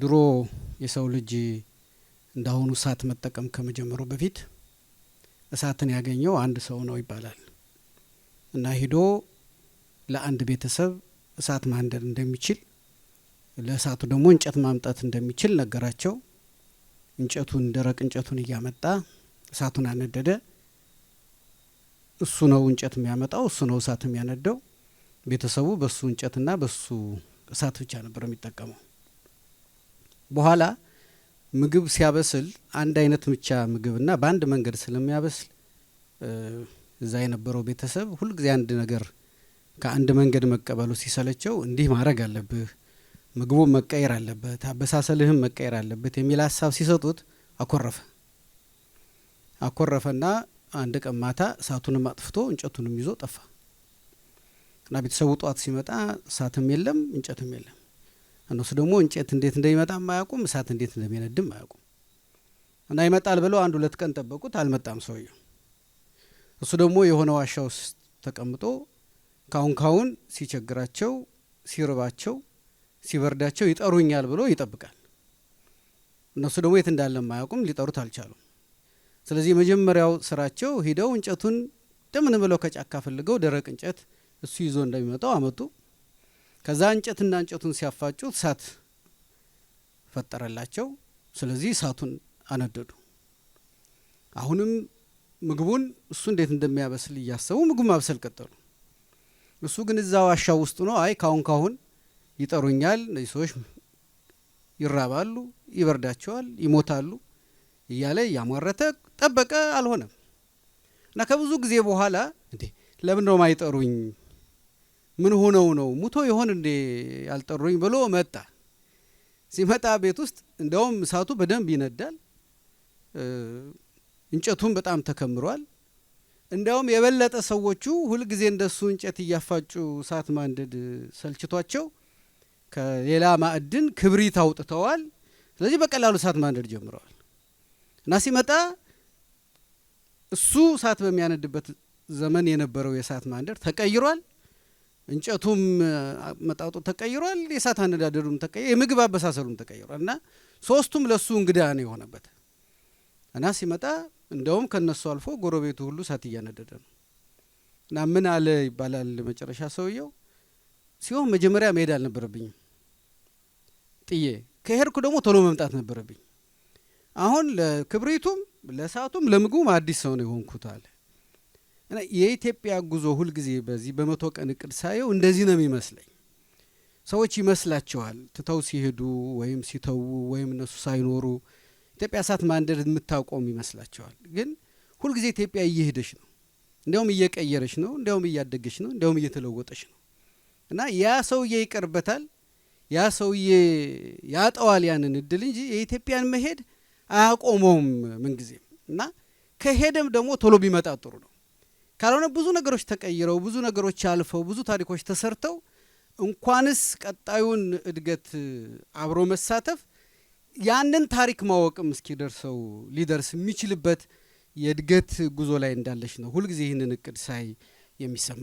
ድሮ የሰው ልጅ እንዳሁኑ እሳት መጠቀም ከመጀመሩ በፊት እሳትን ያገኘው አንድ ሰው ነው ይባላል እና ሂዶ ለአንድ ቤተሰብ እሳት ማንደድ እንደሚችል ለእሳቱ ደግሞ እንጨት ማምጣት እንደሚችል ነገራቸው። እንጨቱን ደረቅ እንጨቱን እያመጣ እሳቱን አነደደ። እሱ ነው እንጨት የሚያመጣው፣ እሱ ነው እሳት የሚያነደው። ቤተሰቡ በሱ እንጨትና በሱ እሳት ብቻ ነበር የሚጠቀመው። በኋላ ምግብ ሲያበስል አንድ አይነት ብቻ ምግብና በአንድ መንገድ ስለሚያበስል እዛ የነበረው ቤተሰብ ሁልጊዜ አንድ ነገር ከአንድ መንገድ መቀበሉ ሲሰለቸው እንዲህ ማድረግ አለብህ፣ ምግቡ መቀየር አለበት፣ አበሳሰልህም መቀየር አለበት የሚል ሀሳብ ሲሰጡት አኮረፈ አኮረፈና አንድ ቀን ማታ እሳቱንም አጥፍቶ እንጨቱንም ይዞ ጠፋ እና ቤተሰቡ ጧት ሲመጣ እሳትም የለም እንጨትም የለም። እነሱ ደግሞ እንጨት እንዴት እንደሚመጣም አያውቁም፣ እሳት እንዴት እንደሚነድም አያውቁም። እና ይመጣል ብለው አንድ ሁለት ቀን ጠበቁት፣ አልመጣም ሰውየው። እሱ ደግሞ የሆነ ዋሻ ውስጥ ተቀምጦ ካሁን ካሁን ሲቸግራቸው፣ ሲርባቸው፣ ሲበርዳቸው ይጠሩኛል ብሎ ይጠብቃል። እነሱ ደግሞ የት እንዳለም አያውቁም፣ ሊጠሩት አልቻሉም። ስለዚህ የመጀመሪያው ስራቸው ሂደው እንጨቱን እንደምን ብለው ከጫካ ፈልገው ደረቅ እንጨት እሱ ይዞ እንደሚመጣው አመጡ። ከዛ እንጨትና እንጨቱን ሲያፋጩ እሳት ፈጠረላቸው። ስለዚህ እሳቱን አነደዱ። አሁንም ምግቡን እሱ እንዴት እንደሚያበስል እያሰቡ ምግብ ማብሰል ቀጠሉ። እሱ ግን እዛ ዋሻ ውስጡ ነው። አይ ካሁን ካሁን ይጠሩኛል፣ እነዚህ ሰዎች ይራባሉ፣ ይበርዳቸዋል፣ ይሞታሉ እያለ እያሟረተ ጠበቀ። አልሆነም እና ከብዙ ጊዜ በኋላ እንዴ ለምን ነው ማይጠሩኝ ምን ሆነው ነው ሙቶ ይሆን እንዴ ያልጠሩኝ ብሎ መጣ። ሲመጣ ቤት ውስጥ እንደውም እሳቱ በደንብ ይነዳል፣ እንጨቱም በጣም ተከምሯል። እንደውም የበለጠ ሰዎቹ ሁልጊዜ እንደሱ እንጨት እያፋጩ እሳት ማንደድ ሰልችቷቸው ከሌላ ማዕድን ክብሪት አውጥተዋል። ስለዚህ በቀላሉ እሳት ማንደድ ጀምረዋል እና ሲመጣ እሱ እሳት በሚያነድበት ዘመን የነበረው የእሳት ማንደድ ተቀይሯል። እንጨቱም መጣጡ ተቀይሯል። የእሳት አነዳደዱም ተቀይ የምግብ አበሳሰሉም ተቀይሯል እና ሶስቱም ለሱ እንግዳ ነው የሆነበት እና ሲመጣ እንደውም ከነሱ አልፎ ጎረቤቱ ሁሉ እሳት እያነደደ ነው እና ምን አለ ይባላል መጨረሻ ሰውየው ሲሆን መጀመሪያ መሄድ አልነበረብኝም ጥዬ ከሄድኩ ደግሞ ቶሎ መምጣት ነበረብኝ። አሁን ለክብሪቱም ለእሳቱም ለምግቡም አዲስ ሰው ነው የሆንኩት አለ እና የኢትዮጵያ ጉዞ ሁልጊዜ በዚህ በመቶ ቀን እቅድ ሳየው እንደዚህ ነው የሚመስለኝ። ሰዎች ይመስላችኋል ትተው ሲሄዱ ወይም ሲተዉ ወይም እነሱ ሳይኖሩ ኢትዮጵያ እሳት ማንደድ የምታቆም ይመስላቸዋል። ግን ሁልጊዜ ኢትዮጵያ እየሄደች ነው፣ እንዲያውም እየቀየረች ነው፣ እንዲያውም እያደገች ነው፣ እንዲያውም እየተለወጠች ነው። እና ያ ሰውዬ ይቀርበታል፣ ያ ሰውዬ ያጠዋል ያንን እድል እንጂ የኢትዮጵያን መሄድ አያቆመውም ምንጊዜም። እና ከሄደም ደግሞ ቶሎ ቢመጣ ጥሩ ነው። ካልሆነ ብዙ ነገሮች ተቀይረው ብዙ ነገሮች አልፈው ብዙ ታሪኮች ተሰርተው እንኳንስ ቀጣዩን እድገት አብሮ መሳተፍ ያንን ታሪክ ማወቅም እስኪደርሰው ሊደርስ የሚችልበት የእድገት ጉዞ ላይ እንዳለች ነው ሁልጊዜ ይህንን እቅድ ሳይ የሚሰማ